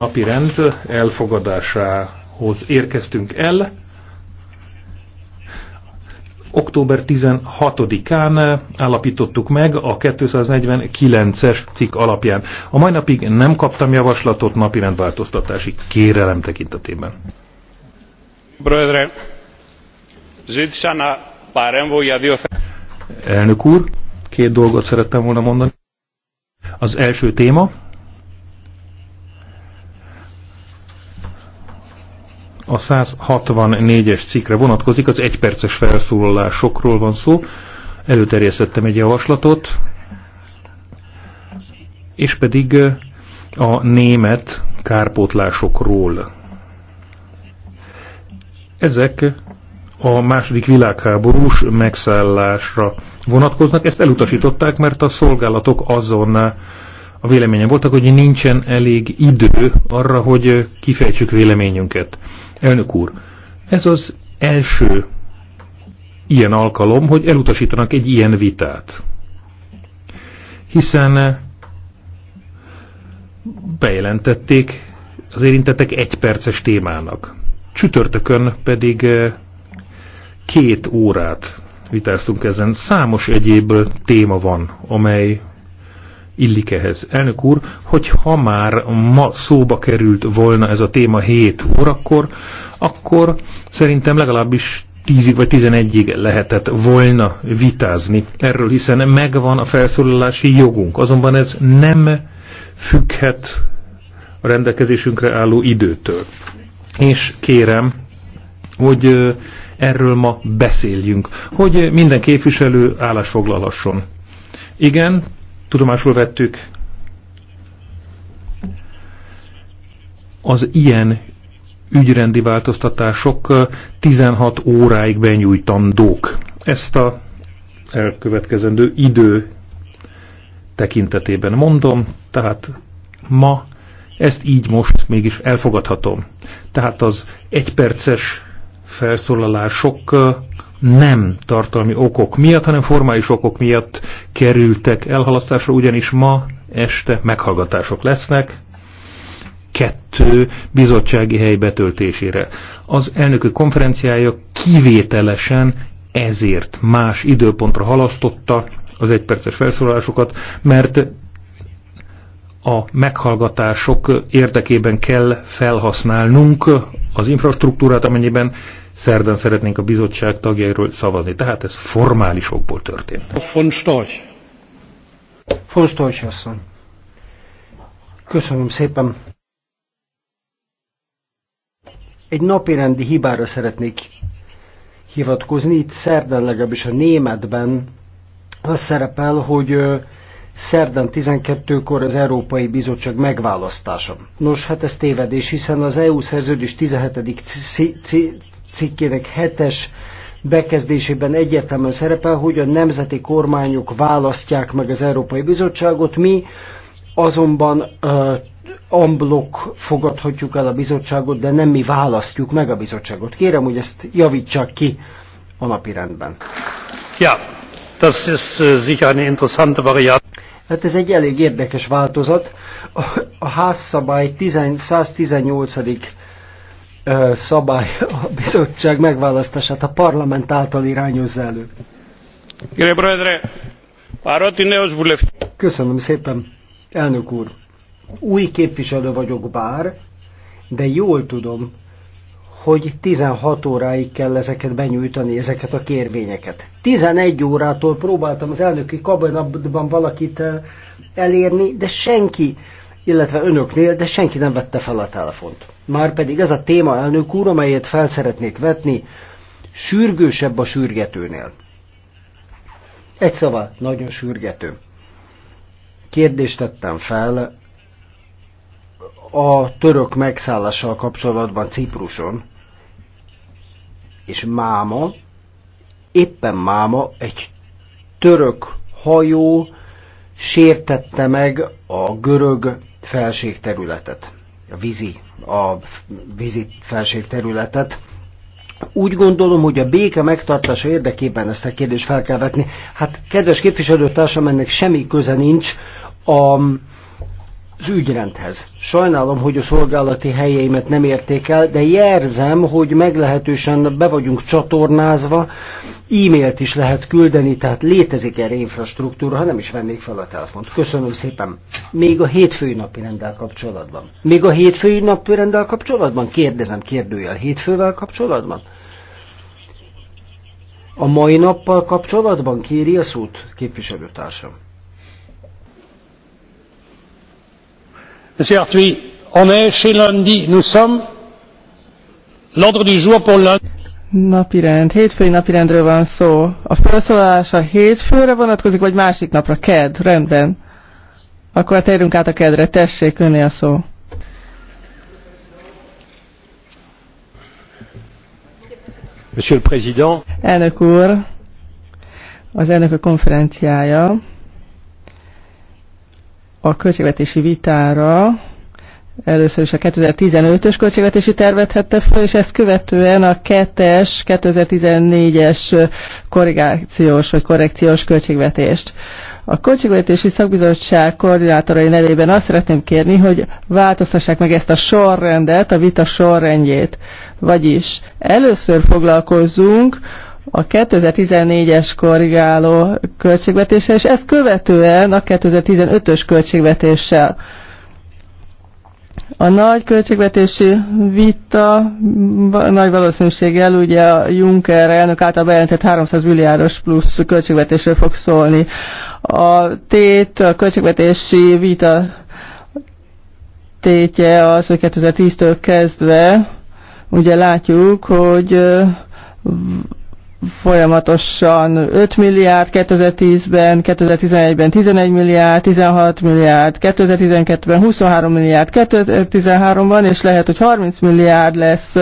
napi rend elfogadásához érkeztünk el. Október 16-án állapítottuk meg a 249-es cikk alapján. A mai napig nem kaptam javaslatot rendváltoztatási kérelem tekintetében. Brödre, Zsitsana Páremvó, Elnök úr, két dolgot szerettem volna mondani. Az első téma, a 164-es cikkre vonatkozik, az egyperces felszólalásokról van szó. Előterjesztettem egy javaslatot, és pedig a német kárpótlásokról. Ezek a második világháborús megszállásra vonatkoznak. Ezt elutasították, mert a szolgálatok azonnal a véleményen voltak, hogy nincsen elég idő arra, hogy kifejtsük véleményünket. Elnök úr, ez az első ilyen alkalom, hogy elutasítanak egy ilyen vitát. Hiszen bejelentették az érintettek egy perces témának. Csütörtökön pedig két órát vitáztunk ezen. Számos egyéb téma van, amely illik ehhez. Elnök úr, hogy ha már ma szóba került volna ez a téma 7 órakor, akkor szerintem legalábbis 10 vagy 11-ig lehetett volna vitázni erről, hiszen megvan a felszólalási jogunk. Azonban ez nem függhet a rendelkezésünkre álló időtől. És kérem, hogy erről ma beszéljünk, hogy minden képviselő állásfoglalhasson. Igen, tudomásul vettük. Az ilyen ügyrendi változtatások 16 óráig benyújtandók. Ezt a elkövetkezendő idő tekintetében mondom, tehát ma ezt így most mégis elfogadhatom. Tehát az egyperces felszólalások nem tartalmi okok miatt, hanem formális okok miatt kerültek elhalasztásra, ugyanis ma este meghallgatások lesznek, kettő bizottsági hely betöltésére. Az elnökök konferenciája kivételesen ezért más időpontra halasztotta az egyperces felszólalásokat, mert a meghallgatások érdekében kell felhasználnunk az infrastruktúrát, amennyiben szerdán szeretnénk a bizottság tagjairól szavazni. Tehát ez formális okból történt. Von Storch. Von Storch asszony. Köszönöm szépen. Egy napirendi hibára szeretnék hivatkozni. Itt szerdán legalábbis a németben az szerepel, hogy szerdán 12-kor az Európai Bizottság megválasztása. Nos, hát ez tévedés, hiszen az EU szerződés 17 cikkének hetes bekezdésében egyértelműen szerepel, hogy a nemzeti kormányok választják meg az Európai Bizottságot, mi azonban amblok fogadhatjuk el a bizottságot, de nem mi választjuk meg a bizottságot. Kérem, hogy ezt javítsák ki a rendben. Ja, das ist äh, sicher eine interessante Variante. Hát ez egy elég érdekes változat. A házszabály 10, 118 szabály a bizottság megválasztását a parlament által irányozza elő. Köszönöm szépen, elnök úr. Új képviselő vagyok bár, de jól tudom, hogy 16 óráig kell ezeket benyújtani, ezeket a kérvényeket. 11 órától próbáltam az elnöki kabinatban valakit elérni, de senki, illetve önöknél, de senki nem vette fel a telefont. Már pedig ez a téma, elnök úr, amelyet fel szeretnék vetni, sürgősebb a sürgetőnél. Egy szava, nagyon sürgető. Kérdést tettem fel a török megszállással kapcsolatban Cipruson, és máma, éppen máma egy török hajó sértette meg a görög felségterületet a vízi, a vízi felség területet. Úgy gondolom, hogy a béke megtartása érdekében ezt a kérdést fel kell vetni. Hát, kedves képviselőtársam, ennek semmi köze nincs a az ügyrendhez. Sajnálom, hogy a szolgálati helyeimet nem érték el, de jelzem, hogy meglehetősen be vagyunk csatornázva, e-mailt is lehet küldeni, tehát létezik erre infrastruktúra, ha nem is vennék fel a telefont. Köszönöm szépen. Még a hétfői napi rendel kapcsolatban. Még a hétfői napi rendel kapcsolatban? Kérdezem kérdőjel hétfővel kapcsolatban. A mai nappal kapcsolatban kéri a szót képviselőtársam. Aujourd'hui, on est chez lundi, nous sommes l'ordre du jour pour lundi. Napirend, hétfői napirendről van szó. A felszólalás a hétfőre vonatkozik, vagy másik napra? Ked, rendben. Akkor térjünk át a kedre. Tessék, önné a szó. Monsieur le Président. Elnök úr, az elnök a konferenciája a költségvetési vitára először is a 2015-ös költségvetési tervet hette föl, és ezt követően a 2-es, 2014-es korrigációs vagy korrekciós költségvetést. A Költségvetési Szakbizottság koordinátorai nevében azt szeretném kérni, hogy változtassák meg ezt a sorrendet, a vita sorrendjét. Vagyis először foglalkozzunk a 2014-es korrigáló költségvetéssel, és ezt követően a 2015-ös költségvetéssel. A nagy költségvetési vita nagy valószínűséggel ugye a Juncker elnök által bejelentett 300 milliárdos plusz költségvetésről fog szólni. A tét, a költségvetési vita tétje az, hogy 2010-től kezdve ugye látjuk, hogy folyamatosan 5 milliárd 2010-ben, 2011-ben 11 milliárd, 16 milliárd, 2012-ben 23 milliárd, 2013-ban, és lehet, hogy 30 milliárd lesz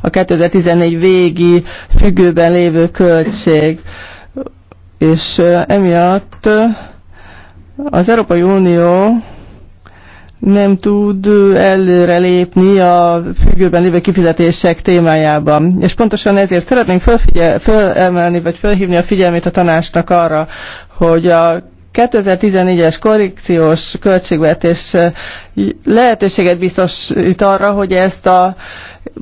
a 2014 végi függőben lévő költség. És emiatt az Európai Unió nem tud előrelépni a függőben lévő kifizetések témájában. És pontosan ezért szeretnénk felemelni, vagy felhívni a figyelmét a tanácsnak arra, hogy a 2014-es korrekciós költségvetés lehetőséget biztosít arra, hogy ezt a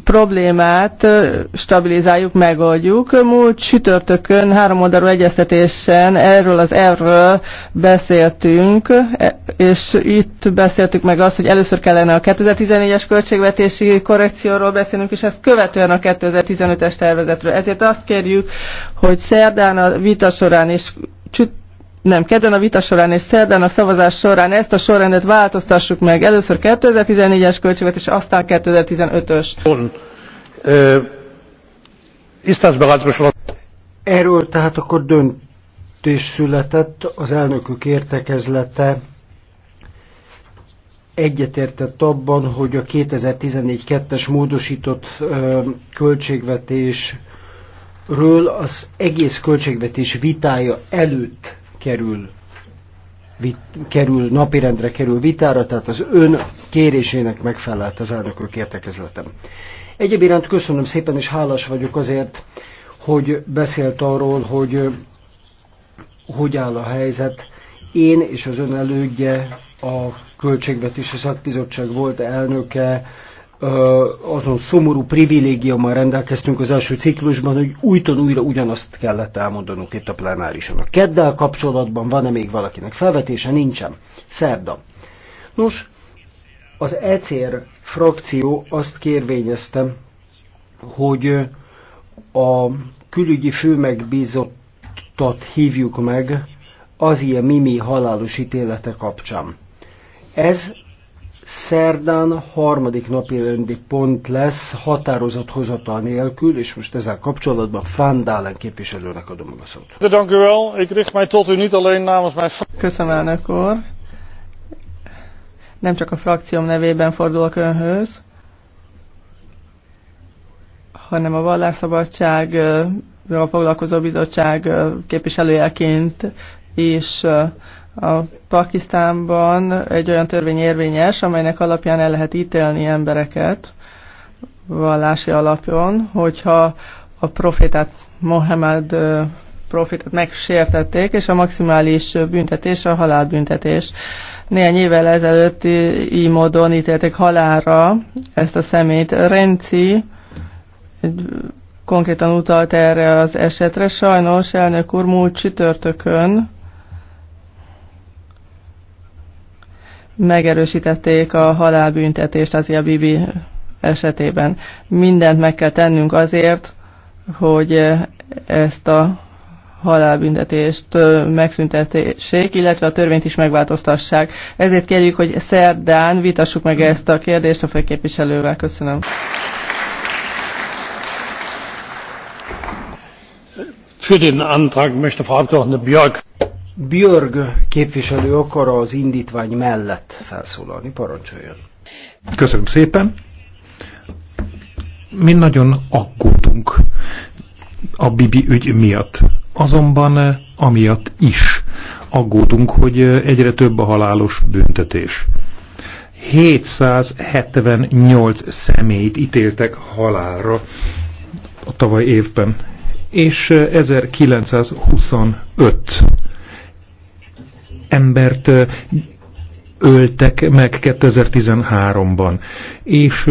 problémát stabilizáljuk, megoldjuk. Múlt csütörtökön oldalú egyeztetésen erről az erről beszéltünk, e, és itt beszéltük meg azt, hogy először kellene a 2014-es költségvetési korrekcióról beszélnünk, és ezt követően a 2015-es tervezetről. Ezért azt kérjük, hogy szerdán a vita során is csütörtökön nem, kedden a vita során és szerdán a szavazás során ezt a sorrendet változtassuk meg. Először 2014-es és aztán 2015-ös. Erről tehát akkor döntés született az elnökök értekezlete egyetértett abban, hogy a 2014-2-es módosított költségvetésről az egész költségvetés vitája előtt kerül, vit, kerül napirendre kerül vitára, tehát az ön kérésének megfelelt az elnökök értekezletem. Egyéb iránt köszönöm szépen, és hálás vagyok azért, hogy beszélt arról, hogy hogy áll a helyzet. Én és az ön elődje, a Költségvetési Szakbizottság volt elnöke, azon szomorú privilégiummal rendelkeztünk az első ciklusban, hogy újton újra ugyanazt kellett elmondanunk itt a plenárison. A keddel kapcsolatban van-e még valakinek felvetése? Nincsen. Szerda. Nos, az ECR frakció azt kérvényezte, hogy a külügyi főmegbízottat hívjuk meg az ilyen mimi halálos ítélete kapcsán. Ez szerdán harmadik napi rendi pont lesz határozott hozatal nélkül, és most ezzel kapcsolatban Fándálen képviselőnek adom a szót. Köszönöm, elnök úr. Nem csak a frakcióm nevében fordulok önhöz, hanem a vallásszabadság a foglalkozó bizottság képviselőjeként is a Pakisztánban egy olyan törvény érvényes, amelynek alapján el lehet ítélni embereket vallási alapon, hogyha a profétát Mohamed profétát megsértették, és a maximális büntetés a halálbüntetés. Néhány évvel ezelőtt így módon ítélték halálra ezt a szemét. Renci konkrétan utalt erre az esetre. Sajnos elnök úr múlt csütörtökön megerősítették a halálbüntetést az Bibi esetében. Mindent meg kell tennünk azért, hogy ezt a halálbüntetést megszüntetsék, illetve a törvényt is megváltoztassák. Ezért kérjük, hogy szerdán vitassuk meg ezt a kérdést a főképviselővel. Köszönöm. Für den Antrag möchte Frau Abgeordnete Björk Björg képviselő akar az indítvány mellett felszólalni. Parancsoljon. Köszönöm szépen. Mi nagyon aggódunk a Bibi ügy miatt. Azonban eh, amiatt is aggódunk, hogy eh, egyre több a halálos büntetés. 778 személyt ítéltek halálra a tavaly évben, és 1925 eh, embert öltek meg 2013-ban. És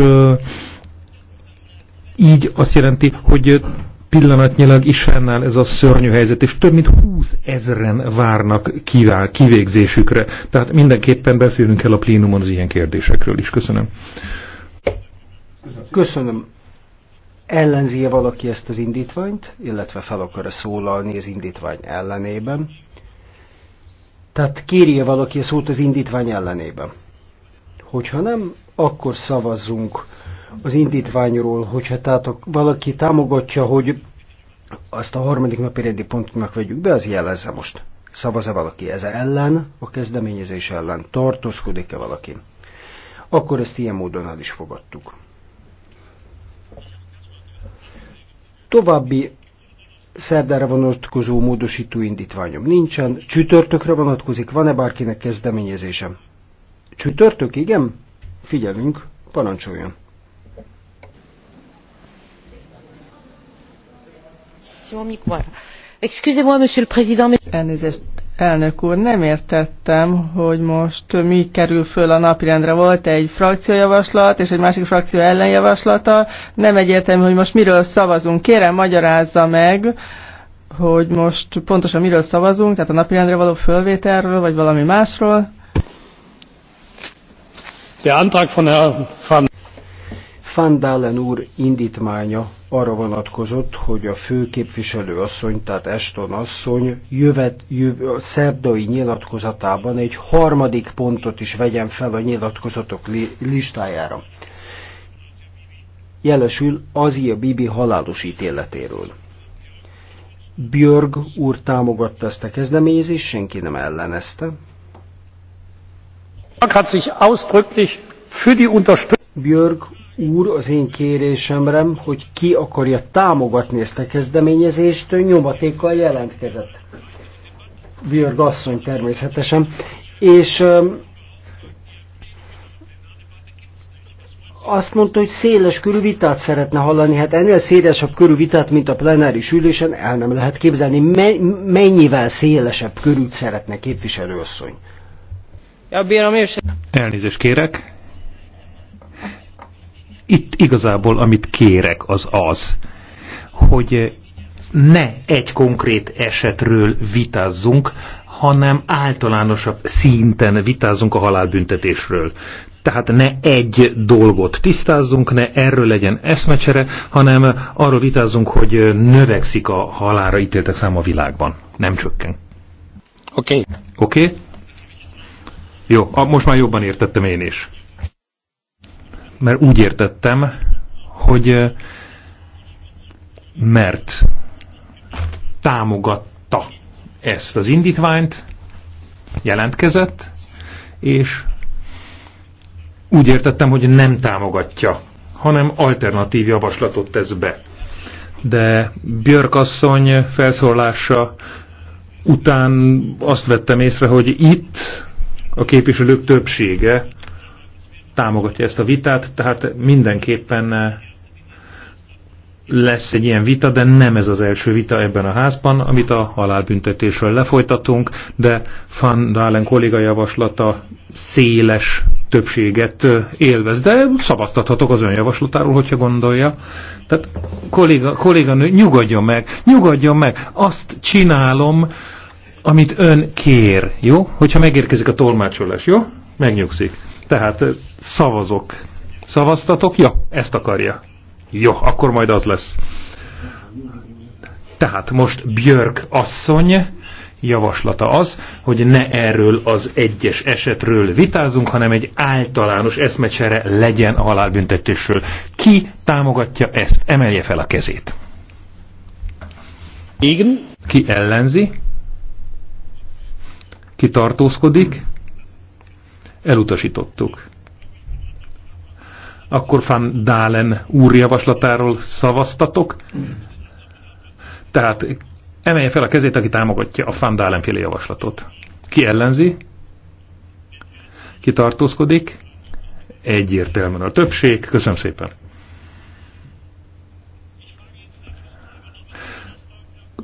így azt jelenti, hogy pillanatnyilag is fennáll ez a szörnyű helyzet, és több mint 20 ezeren várnak kivál, kivégzésükre. Tehát mindenképpen beszélünk el a plénumon az ilyen kérdésekről is. Köszönöm. Köszönöm. Ellenzi-e valaki ezt az indítványt, illetve fel akar-e szólalni az indítvány ellenében? Tehát kérje valaki a szót az indítvány ellenében. Hogyha nem, akkor szavazzunk az indítványról, hogyha tehát valaki támogatja, hogy azt a harmadik napi rendi pontnak vegyük be, az jelezze most. Szavaz-e valaki ez ellen, a kezdeményezés ellen? Tartózkodik-e valaki? Akkor ezt ilyen módon el is fogadtuk. További szerdára vonatkozó módosító indítványom nincsen. Csütörtökre vonatkozik, van-e bárkinek kezdeményezésem? Csütörtök, igen? Figyelünk, parancsoljon. Excusez-moi, monsieur le président. Elnézést, Elnök úr, nem értettem, hogy most mi kerül föl a napirendre. Volt egy frakciójavaslat és egy másik frakció ellenjavaslata. Nem egyértelmű, hogy most miről szavazunk. Kérem, magyarázza meg, hogy most pontosan miről szavazunk, tehát a napirendre való fölvételről, vagy valami másról. Der Antrag von Herrn van van Dalen úr indítmánya arra vonatkozott, hogy a főképviselő asszony, tehát Eston asszony jövet, jöv, szerdai nyilatkozatában egy harmadik pontot is vegyen fel a nyilatkozatok li, listájára. Jelesül Azia Bibi halálos ítéletéről. Björg úr támogatta ezt a kezdeményezést, senki nem ellenezte. Hat sich ausdrücklich für die Unterstützung Björk úr az én kérésemre, hogy ki akarja támogatni ezt a kezdeményezést, nyomatékkal jelentkezett. Björg asszony természetesen. És azt mondta, hogy széles körű vitát szeretne hallani. Hát ennél szélesebb körű vitát, mint a plenáris ülésen el nem lehet képzelni. Me- mennyivel szélesebb körűt szeretne képviselőasszony? Elnézést kérek, itt igazából amit kérek az az, hogy ne egy konkrét esetről vitázzunk, hanem általánosabb szinten vitázzunk a halálbüntetésről. Tehát ne egy dolgot tisztázzunk, ne erről legyen eszmecsere, hanem arról vitázzunk, hogy növekszik a halára ítéltek száma a világban. Nem csökken. Oké. Okay. Oké? Okay? Jó, most már jobban értettem én is mert úgy értettem, hogy mert támogatta ezt az indítványt, jelentkezett, és úgy értettem, hogy nem támogatja, hanem alternatív javaslatot tesz be. De Björk asszony felszólása után azt vettem észre, hogy itt a képviselők többsége támogatja ezt a vitát, tehát mindenképpen eh, lesz egy ilyen vita, de nem ez az első vita ebben a házban, amit a halálbüntetésről lefolytatunk, de Van Dalen kolléga javaslata széles többséget eh, élvez, de szavaztathatok az ön javaslatáról, hogyha gondolja. Tehát kolléga, kolléganő, nyugodjon meg, nyugodjon meg, azt csinálom, amit ön kér, jó? Hogyha megérkezik a tolmácsolás, jó? Megnyugszik. Tehát szavazok. Szavaztatok? Ja, ezt akarja. Jó, akkor majd az lesz. Tehát most Björk asszony javaslata az, hogy ne erről az egyes esetről vitázunk, hanem egy általános eszmecsere legyen a halálbüntetésről. Ki támogatja ezt? Emelje fel a kezét. Igen. Ki ellenzi? Ki tartózkodik? elutasítottuk. Akkor fán Dálen úr javaslatáról szavaztatok? Tehát emelje fel a kezét, aki támogatja a fán Dálen féle javaslatot. Ki ellenzi? Ki tartózkodik? Egyértelműen a többség. Köszönöm szépen.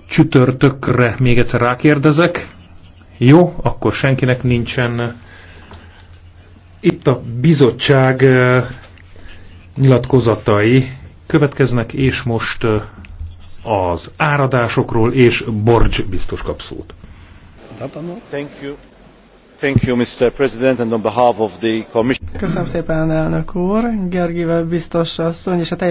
Csütörtökre még egyszer rákérdezek. Jó, akkor senkinek nincsen itt a bizottság eh, nyilatkozatai következnek, és most eh, az áradásokról és Borcs biztos kap szót. Köszönöm szépen, elnök úr, Gergivel biztos asszony, és a